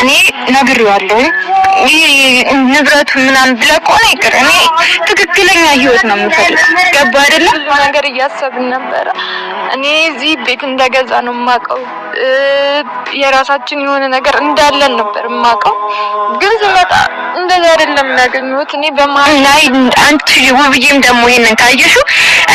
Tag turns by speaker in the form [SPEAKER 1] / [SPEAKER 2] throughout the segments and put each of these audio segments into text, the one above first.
[SPEAKER 1] እኔ ነግሬዋለሁ። ይሄ ንብረቱ ምናምን ብለህ ከሆነ ይቅር። እኔ ትክክለኛ ህይወት ነው የምፈልግ። ገባ አይደለም?
[SPEAKER 2] ብዙ ነገር እያሰብን ነበረ። እኔ እዚህ ቤት እንደገዛ ነው የማውቀው። የራሳችን የሆነ ነገር እንዳለን ነበር የማውቀው። ግን ስመጣ እንደዛ አይደለም ያገኘሁት። እኔ በማ
[SPEAKER 1] ላይ አንቺ ውብዬም ደግሞ ይሄንን ካየሽው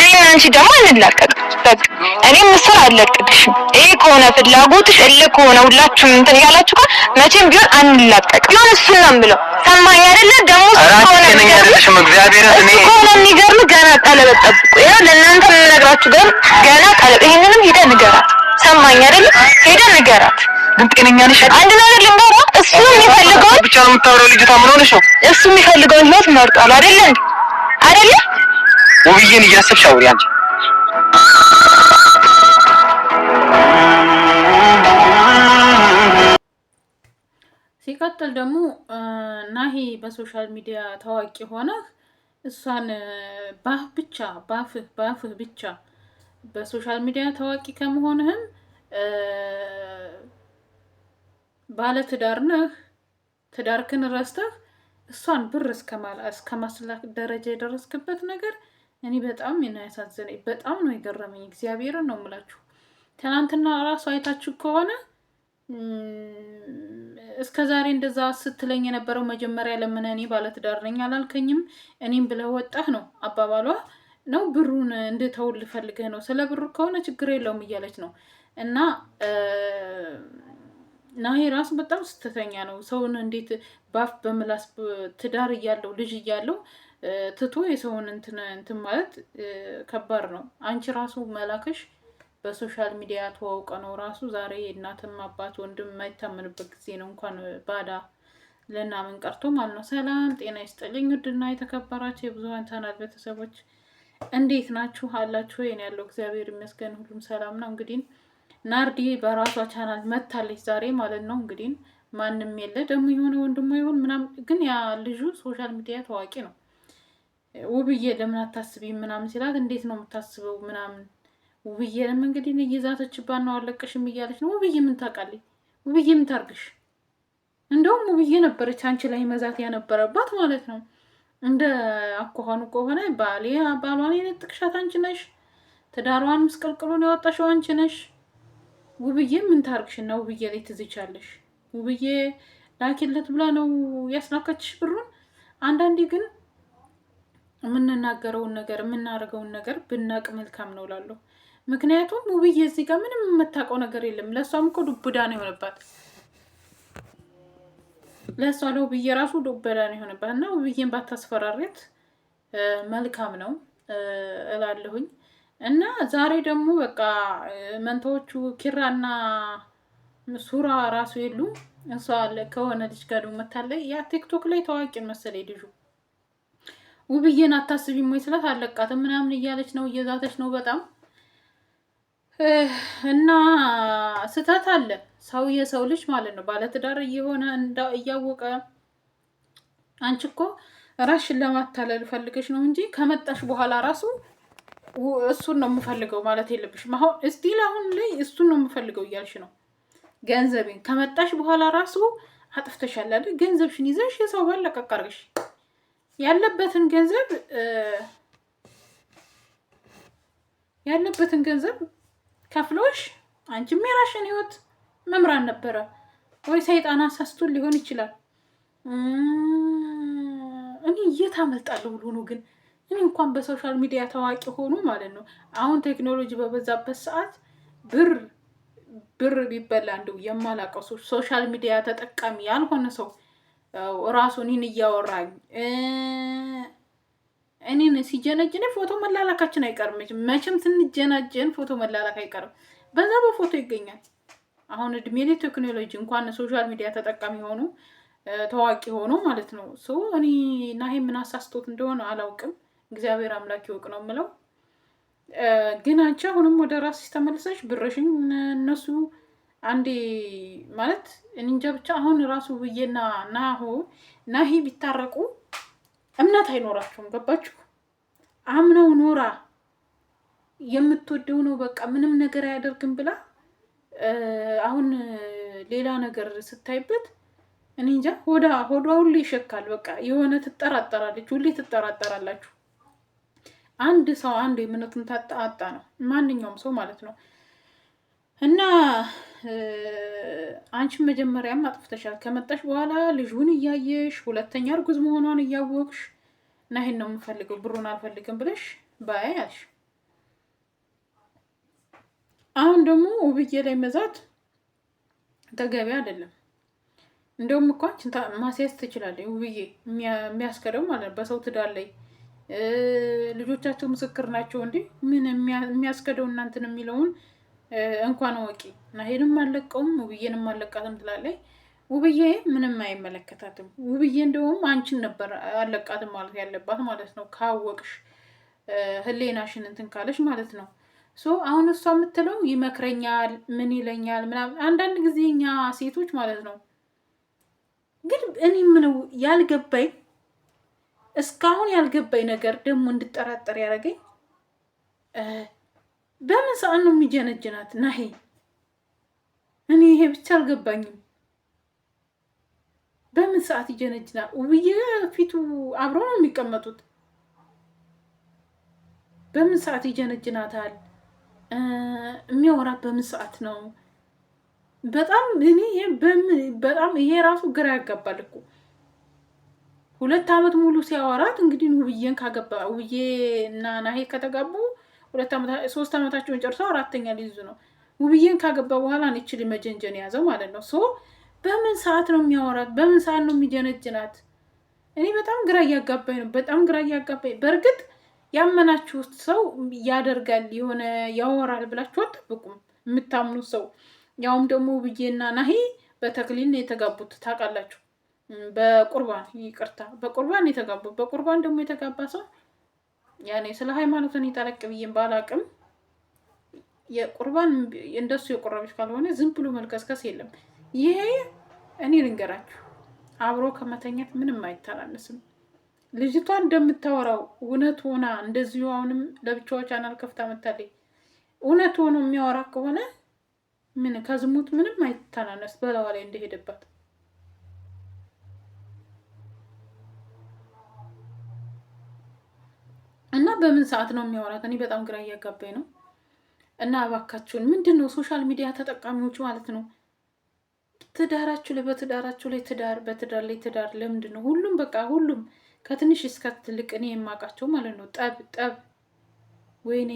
[SPEAKER 1] እኔ አንቺ ደግሞ አንላቀቅም። በቃ እኔ ምስር አልለቅቅሽም። ይሄ ከሆነ ፍላጎትሽ እልህ ከሆነ ሁላችሁም እንትን ያላችሁ ጋር መቼም ቢሆን አንላቀቅም። ቢሆን እሱን ነው የምለው። ሰማኝ አይደለ? ደግሞ
[SPEAKER 3] ከሆነ የሚገርምሽም እግዚአብሔር
[SPEAKER 1] እኔ ከሆነ የሚገርም ገና ቀለበት ጠብቁ። ይኸው ለእናንተ የምነግራችሁ ገና ገና ቀለበት ይሄንንም ሄደህ ንገራት። ሰማኝ አይደለ? ሄደህ ንገራት።
[SPEAKER 3] ግን ጤነኛ ነሽ?
[SPEAKER 1] አንድ ነገር ልንገራ፣ እሱ የሚፈልገው
[SPEAKER 3] ብቻ ነው የምታወራው። ልጅቷ ምን ሆነሽ ነው?
[SPEAKER 1] እሱ የሚፈልገውን ህይወት መርጧል አይደለ? አይደለ
[SPEAKER 3] ውብዬን እያሰብሽ አውሪ አንቺ።
[SPEAKER 2] ሲቀጥል ደግሞ ናሂ በሶሻል ሚዲያ ታዋቂ ሆነህ እሷን ባህ ብቻ ባፍህ ባፍህ ብቻ በሶሻል ሚዲያ ታዋቂ ከመሆንህም ባለ ትዳር ነህ። ትዳርክን ረስተህ እሷን ብር እስከማስላክ ደረጃ የደረስክበት ነገር እኔ በጣም ነው ያሳዘነኝ፣ በጣም ነው የገረመኝ። እግዚአብሔርን ነው የምላችሁ። ትናንትና ራሱ አይታችሁ ከሆነ እስከ ዛሬ እንደዛ ስትለኝ የነበረው መጀመሪያ ለምን እኔ ባለትዳር ነኝ አላልከኝም? እኔም ብለህ ወጣህ ነው አባባሏ ነው። ብሩን እንድተውል ልፈልግህ ነው። ስለ ብሩ ከሆነ ችግር የለውም እያለች ነው። እና ናሄ ራሱ በጣም ስተተኛ ነው። ሰውን እንዴት ባፍ በምላስ ትዳር እያለው ልጅ እያለው ትቶ የሰውን እንትን እንትን ማለት ከባድ ነው። አንቺ ራሱ መላክሽ በሶሻል ሚዲያ ተዋውቀ ነው ራሱ ዛሬ እናትም አባት ወንድም የማይታመንበት ጊዜ ነው። እንኳን ባዳ ልናምን ቀርቶ ማለት ነው። ሰላም ጤና ይስጥልኝ ውድና የተከበራችሁ የብዙሀን ቻናል ቤተሰቦች እንዴት ናችሁ? አላችሁ ወይን? ያለው እግዚአብሔር ይመስገን ሁሉም ሰላም ነው። እንግዲህ ናርዲ በራሷ ቻናል መታለች ዛሬ ማለት ነው። እንግዲህ ማንም የለ ደግሞ የሆነ ወንድሞ ይሆን ምናምን፣ ግን ያ ልጁ ሶሻል ሚዲያ ታዋቂ ነው ውብዬ ለምን አታስቢም ምናምን ሲላት እንዴት ነው የምታስበው ምናምን ውብዬንም እንግዲህ እየዛተችባት ነው አለቅሽም እያለች ነው ውብዬ ምን ታውቃለች ውብዬ ምን ታርግሽ እንደውም ውብዬ ነበረች አንቺ ላይ መዛት ያነበረባት ማለት ነው እንደ አኳኋኑ ከሆነ ባሌ ባሏን የነጥቅሻት አንቺ ነሽ ትዳሯን ምስቅልቅሉን ያወጣሽው አንቺ ነሽ ውብዬ ምን ታርግሽና ውብዬ ላይ ትዝቻለሽ ውብዬ ላኪለት ብላ ነው ያስላከችሽ ብሩን አንዳንዴ ግን የምንናገረውን ነገር የምናደርገውን ነገር ብናቅ መልካም ነው እላለሁ። ምክንያቱም ውብዬ እዚህ ጋር ምንም የምታውቀው ነገር የለም። ለእሷም እኮ ዱብዳ ነው የሆነባት። ለእሷ ለውብዬ ራሱ ዱብዳ ነው የሆነባት እና ውብዬን ባታስፈራሬት መልካም ነው እላለሁኝ። እና ዛሬ ደግሞ በቃ መንታዎቹ ኪራና ሱራ ራሱ የሉ እሷ ከሆነ ልጅ ጋር መታለ ያ ቲክቶክ ላይ ታዋቂ መሰለኝ ልጁ ውብዬን አታስቢም ወይ ስላት አለቃትም ምናምን እያለች ነው እየዛተች ነው በጣም እና ስህተት አለ ሰው የሰው ልጅ ማለት ነው ባለትዳር እየሆነ እያወቀ አንቺ እኮ ራስሽን ለማታለል ፈልገሽ ነው እንጂ ከመጣሽ በኋላ ራሱ እሱን ነው የምፈልገው ማለት የለብሽም። አሁን እስቲል አሁን ላይ እሱን ነው የምፈልገው እያልሽ ነው። ገንዘቤን ከመጣሽ በኋላ ራሱ አጥፍተሻል አይደል? ገንዘብሽን ይዘሽ የሰው ባል ለቀቅ ያለበትን ገንዘብ ያለበትን ገንዘብ ከፍሎሽ አንቺም የራሽን ህይወት መምራን ነበረ ወይ ሰይጣን አሳስቶን ሊሆን ይችላል። እኔ የት አመልጣለሁ ብሎ ነው ግን እኔ እንኳን በሶሻል ሚዲያ ታዋቂ ሆኑ ማለት ነው። አሁን ቴክኖሎጂ በበዛበት ሰዓት ብር ብር ቢበላ እንደው የማላውቀው ሶሻል ሚዲያ ተጠቃሚ ያልሆነ ሰው ራሱን ይህን እያወራኝ እኔን ሲጀነጅን ፎቶ መላላካችን አይቀርም። መቼም ስንጀናጀን ፎቶ መላላክ አይቀርም። በዛ በፎቶ ይገኛል። አሁን እድሜ ላይ ቴክኖሎጂ እንኳን ሶሻል ሚዲያ ተጠቃሚ ሆኑ ታዋቂ ሆኖ ማለት ነው። ሶ እኔ እና ይሄ ምን አሳስቶት እንደሆነ አላውቅም። እግዚአብሔር አምላክ ይወቅ ነው የምለው። ግን አንቺ አሁንም ወደ ራስሽ ተመልሰሽ ብረሽን እነሱ አንዴ ማለት እንጃ ብቻ አሁን ራሱ ብዬና ናሆ ናሂ ቢታረቁ እምነት አይኖራቸውም። ገባችሁ? አምነው ኖራ የምትወደው ነው በቃ ምንም ነገር አያደርግም ብላ አሁን ሌላ ነገር ስታይበት እኔ እንጃ ሆዳ ሆዷ ሁሌ ይሸካል። በቃ የሆነ ትጠራጠራለች፣ ሁሌ ትጠራጠራላችሁ። አንድ ሰው አንዱ የእምነቱን ታጣ ነው ማንኛውም ሰው ማለት ነው። እና አንቺ መጀመሪያም አጥፍተሻል። ከመጣሽ በኋላ ልጁን እያየሽ ሁለተኛ እርጉዝ መሆኗን እያወቅሽ እና ይሄን ነው የምፈልገው ብሩን አልፈልግም ብለሽ ባያ ያልሽ አሁን ደግሞ ውብዬ ላይ መዛት ተገቢ አይደለም። እንደውም እኮ አንቺን ማስያዝ ትችላለች ውብዬ የሚያስከደው ማለት ነው። በሰው ትዳር ላይ ልጆቻቸው ምስክር ናቸው እንዴ ምን የሚያስከደው እናንትን የሚለውን እንኳን ወቂ ናሄንም አለቀውም ውብዬንም አለቃትም ትላለች። ውብዬ ምንም አይመለከታትም። ውብዬ እንደውም አንቺን ነበር አለቃትም ማለት ያለባት ማለት ነው። ካወቅሽ ህሌናሽን እንትን ካለሽ ማለት ነው። ሶ አሁን እሷ የምትለው ይመክረኛል፣ ምን ይለኛል ምናምን። አንዳንድ ጊዜ እኛ ሴቶች ማለት ነው ግን እኔ ምነው ያልገባኝ እስካሁን ያልገባኝ ነገር ደግሞ እንድጠራጠር ያደረገኝ በምን ሰዓት ነው የሚጀነጅናት? ናሄ እኔ ይሄ ብቻ አልገባኝም። በምን ሰዓት ይጀነጅናል? ውብዬ ፊቱ አብሮ ነው የሚቀመጡት። በምን ሰዓት ይጀነጅናታል? የሚያወራት በምን ሰዓት ነው? በጣም እኔ በጣም ይሄ ራሱ ግራ ያጋባል እኮ ሁለት ዓመት ሙሉ ሲያወራት እንግዲህ ውብዬን ካገባ ውብዬ እና ናሄ ከተጋቡ ሶስት ዓመታቸውን ጨርሰው አራተኛ ሊይዙ ነው። ውብዬን ካገባ በኋላ ንችል መጀንጀን የያዘው ማለት ነው። ሶ በምን ሰዓት ነው የሚያወራት? በምን ሰዓት ነው የሚጀነጅናት? እኔ በጣም ግራ እያጋባኝ ነው። በጣም ግራ እያጋባኝ በእርግጥ ያመናችሁት ሰው ያደርጋል የሆነ ያወራል ብላችሁ አጠብቁም የምታምኑት ሰው ያውም ደግሞ ውብዬና ናሂ በተክሊል የተጋቡት ታውቃላችሁ። በቁርባን ይቅርታ፣ በቁርባን የተጋቡት በቁርባን ደግሞ የተጋባ ሰው ያኔ ስለ ሃይማኖት እኔ ጠለቅ ብዬም ባላቅም የቁርባን እንደሱ የቁረቢች ካልሆነ ዝም ብሎ መልከስከስ የለም። ይሄ እኔ ልንገራችሁ አብሮ ከመተኛት ምንም አይተናነስም። ልጅቷ እንደምታወራው እውነት ሆና እንደዚሁ አሁንም ለብቻዎች አናል ከፍታ መታለች። እውነት ሆኖ የሚያወራ ከሆነ ምን ከዝሙት ምንም አይተናነስ በላዋ ላይ እንደሄደባት በምን ሰዓት ነው የሚያወራት? እኔ በጣም ግራ እያጋባኝ ነው። እና እባካችሁን ምንድን ነው ሶሻል ሚዲያ ተጠቃሚዎች ማለት ነው ትዳራችሁ ላይ በትዳራችሁ ላይ ትዳር በትዳር ላይ ትዳር ለምንድን ነው ሁሉም በቃ ሁሉም ከትንሽ እስከ ትልቅ እኔ የማውቃቸው ማለት ነው ጠብ ጠብ ወይኔ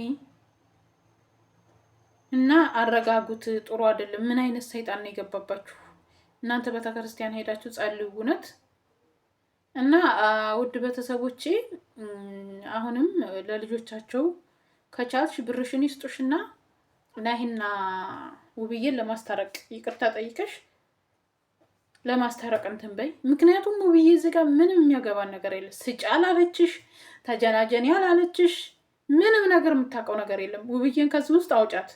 [SPEAKER 2] እና አረጋጉት ጥሩ አይደለም ምን አይነት ሰይጣን ነው የገባባችሁ እናንተ ቤተክርስቲያን ሄዳችሁ ጸልዩ እውነት እና ውድ ቤተሰቦቼ አሁንም ለልጆቻቸው ከቻልሽ ብርሽን ይስጡሽና ናሂና ውብዬን ለማስታረቅ ይቅርታ ጠይቀሽ ለማስታረቅ እንትን በይ። ምክንያቱም ውብዬ እዚህ ጋር ምንም የሚያገባን ነገር የለም። ስጭ አላለችሽ፣ ተጀናጀኒ አላለችሽ፣ ምንም ነገር የምታውቀው ነገር የለም። ውብዬን ከዚህ ውስጥ አውጫት።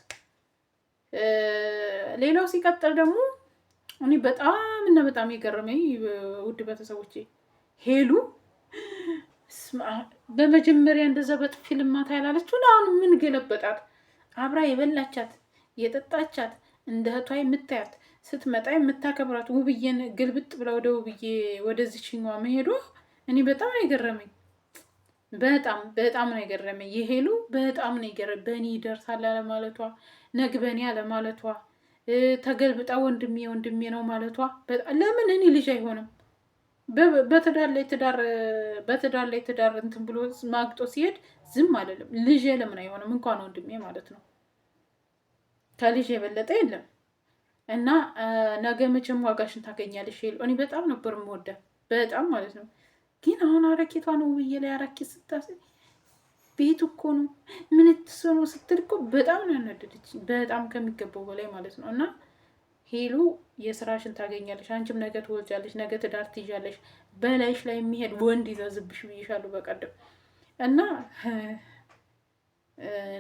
[SPEAKER 2] ሌላው ሲቀጥል ደግሞ እኔ በጣም እና በጣም የገረመኝ ውድ ቤተሰቦቼ ሄሉ በመጀመሪያ እንደዛ በጥፊ ልማታ ያላለችውን አሁን ምን ገለበጣት? አብራ የበላቻት የጠጣቻት እንደ እህቷ የምታያት ስትመጣ የምታከብራት ውብዬን ግልብጥ ብላ ወደ ውብዬ ወደዚችኛ መሄዱ እኔ በጣም ነው የገረመኝ። በጣም በጣም ነው የገረመኝ። የሄሉ በጣም ነው የገረ በእኔ ይደርሳል አለማለቷ፣ ነግበኔ አለማለቷ፣ ተገልብጣ ወንድሜ ወንድሜ ነው ማለቷ። ለምን እኔ ልጅ አይሆንም በትዳር ላይ ትዳር በትዳር ላይ ትዳር እንትን ብሎ ማግጦ ሲሄድ ዝም አይደለም። ልጅ ለምን አይሆንም? እንኳን ወንድሜ ማለት ነው ከልጅ የበለጠ የለም። እና ነገ መቼም ዋጋሽን ታገኛለሽ። ሄሉ እኔ በጣም ነበር ወደ በጣም ማለት ነው። ግን አሁን አረኬቷ ነው ውብዬ ላይ አረኬት ስታስ ቤት እኮ ነው ምን ትሰሩ ስትል እኮ በጣም ነው ያናደደች፣ በጣም ከሚገባው በላይ ማለት ነው እና ሄሉ የስራሽን ታገኛለሽ፣ አንቺም ነገ ትወልጃለሽ፣ ነገ ትዳር ትይዣለሽ፣ በላይሽ ላይ የሚሄድ ወንድ ይዘዝብሽ ብይሻሉ በቀደም እና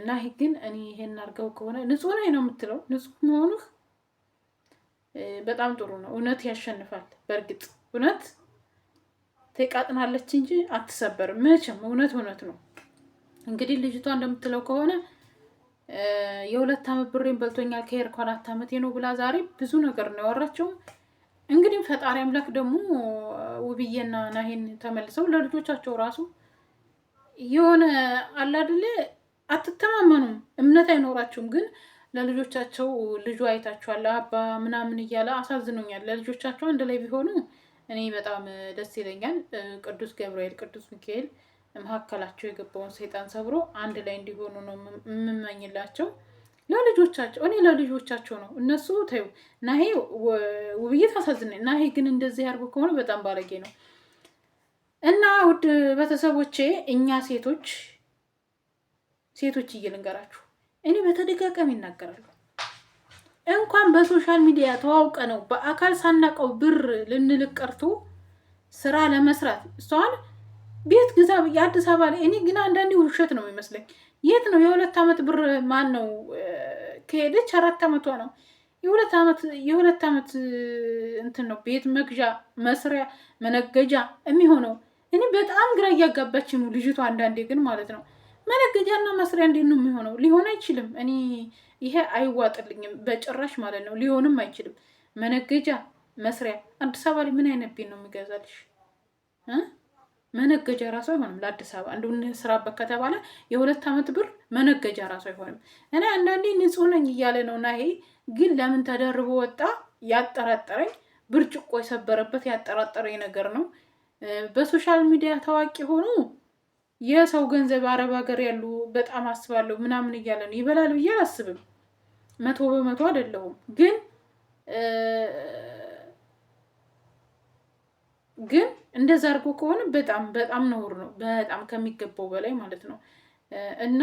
[SPEAKER 2] ናሂ ግን እኔ ይሄን አድርገው ከሆነ ንጹህ ላይ ነው የምትለው። ንጹህ መሆኑህ በጣም ጥሩ ነው። እውነት ያሸንፋል። በእርግጥ እውነት ትቃጥናለች እንጂ አትሰበርም መቼም። እውነት እውነት ነው። እንግዲህ ልጅቷ እንደምትለው ከሆነ የሁለት ዓመት ብሬን በልቶኛል ከሄድኩ አራት ዓመቴ ነው ብላ ዛሬ ብዙ ነገር ነው ያወራችው። እንግዲህ ፈጣሪ አምላክ ደግሞ ውብዬና ናሂን ተመልሰው ለልጆቻቸው ራሱ የሆነ አላድለ አትተማመኑም፣ እምነት አይኖራችሁም። ግን ለልጆቻቸው ልጁ አይታችኋል አባ ምናምን እያለ አሳዝኖኛል። ለልጆቻቸው አንድ ላይ ቢሆኑ እኔ በጣም ደስ ይለኛል። ቅዱስ ገብርኤል፣ ቅዱስ ሚካኤል መካከላቸው የገባውን ሰይጣን ሰብሮ አንድ ላይ እንዲሆኑ ነው የምመኝላቸው ለልጆቻቸው እኔ ለልጆቻቸው ነው። እነሱ ተይው ናሄ ውብይት አሳዝነ ናሄ ግን እንደዚህ ያርጎ ከሆነ በጣም ባለጌ ነው። እና ውድ ቤተሰቦቼ እኛ ሴቶች ሴቶች እየልንገራችሁ እኔ በተደጋጋሚ ይናገራሉ። እንኳን በሶሻል ሚዲያ ተዋውቀ ነው በአካል ሳናቀው ብር ልንልቅ ቀርቶ ስራ ለመስራት እሷን ቤት ግዛ የአዲስ አበባ ላይ እኔ ግን አንዳንዴ ውሸት ነው የሚመስለኝ። የት ነው የሁለት ዓመት ብር ማን ነው ከሄደች አራት ዓመቷ ነው የሁለት ዓመት እንትን ነው ቤት መግዣ መስሪያ መነገጃ የሚሆነው። እኔ በጣም ግራ እያጋባች ነው ልጅቷ አንዳንዴ ግን ማለት ነው። መነገጃና መስሪያ እንዴት ነው የሚሆነው? ሊሆን አይችልም። እኔ ይሄ አይዋጥልኝም በጭራሽ ማለት ነው። ሊሆንም አይችልም። መነገጃ መስሪያ አዲስ አበባ ላይ ምን አይነት ቤት ነው የሚገዛልሽ? መነገጃ ራሱ አይሆንም ለአዲስ አበባ እንደሁን እንስራበት ከተባለ የሁለት ዓመት ብር መነገጃ ራሱ አይሆንም። እና አንዳንዴ ንጹህ ነኝ እያለ ነው ይሄ ግን ለምን ተደርቦ ወጣ ያጠራጠረኝ ብርጭቆ የሰበረበት ያጠራጠረኝ ነገር ነው። በሶሻል ሚዲያ ታዋቂ ሆኑ የሰው ገንዘብ አረብ ሀገር ያሉ በጣም አስባለሁ ምናምን እያለ ነው። ይበላል ብዬ አላስብም፣ መቶ በመቶ አይደለሁም። ግን ግን እንደዛ አድርጎ ከሆነ በጣም በጣም ነውር ነው። በጣም ከሚገባው በላይ ማለት ነው። እና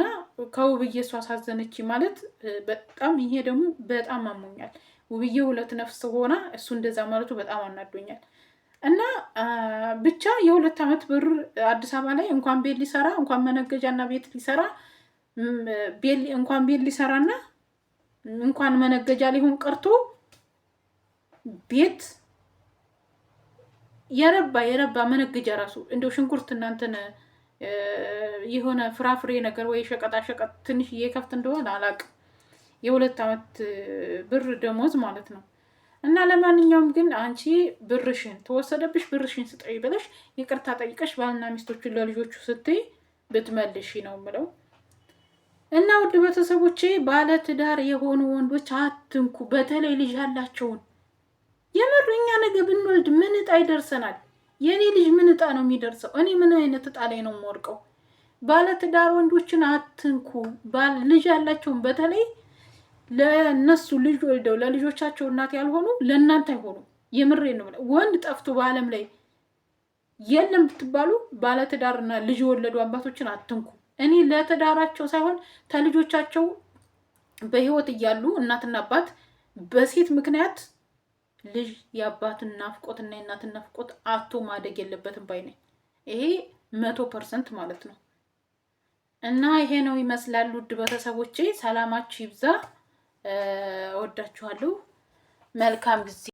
[SPEAKER 2] ከውብዬ እሷ አሳዘነች ማለት በጣም ይሄ ደግሞ በጣም አሞኛል። ውብዬ ሁለት ነፍስ ሆና እሱ እንደዛ ማለቱ በጣም አናዶኛል። እና ብቻ የሁለት ዓመት ብር አዲስ አበባ ላይ እንኳን ቤት ሊሰራ እንኳን መነገጃና ቤት ሊሰራ እንኳን ቤት ሊሰራና እንኳን መነገጃ ሊሆን ቀርቶ ቤት የረባ የረባ መነግጃ ራሱ እንደው ሽንኩርት እናንተን የሆነ ፍራፍሬ ነገር ወይ ሸቀጣሸቀጥ ትንሽ እየከፍት እንደሆነ አላቅም። የሁለት ዓመት ብር ደሞዝ ማለት ነው። እና ለማንኛውም ግን አንቺ ብርሽን ተወሰደብሽ፣ ብርሽን ስጠይ ብለሽ ይቅርታ ጠይቀሽ ባልና ሚስቶቹን ለልጆቹ ስትይ ብትመልሽ ነው ምለው። እና ውድ ቤተሰቦቼ ባለ ትዳር የሆኑ ወንዶች አትንኩ፣ በተለይ ልጅ ያላቸውን የምር እኛ ነገ ብንወልድ ምን እጣ ይደርሰናል? የእኔ ልጅ ምን እጣ ነው የሚደርሰው? እኔ ምን አይነት እጣ ላይ ነው የምወድቀው? ባለትዳር ወንዶችን አትንኩ። ልጅ ያላቸውን በተለይ ለእነሱ ልጅ ወልደው ለልጆቻቸው እናት ያልሆኑ ለእናንተ አይሆኑ። የምሬ ነው። ወንድ ጠፍቶ በዓለም ላይ የለም ብትባሉ ባለትዳርና ልጅ የወለዱ አባቶችን አትንኩ። እኔ ለትዳራቸው ሳይሆን ተልጆቻቸው በህይወት እያሉ እናትና አባት በሴት ምክንያት ልጅ የአባትን ናፍቆትና የእናትን ናፍቆት አቶ ማደግ የለበትም ባይ ነኝ። ይሄ መቶ ፐርሰንት ማለት ነው። እና ይሄ ነው ይመስላል። ውድ ቤተሰቦቼ ሰላማችሁ ይብዛ። እወዳችኋለሁ። መልካም ጊዜ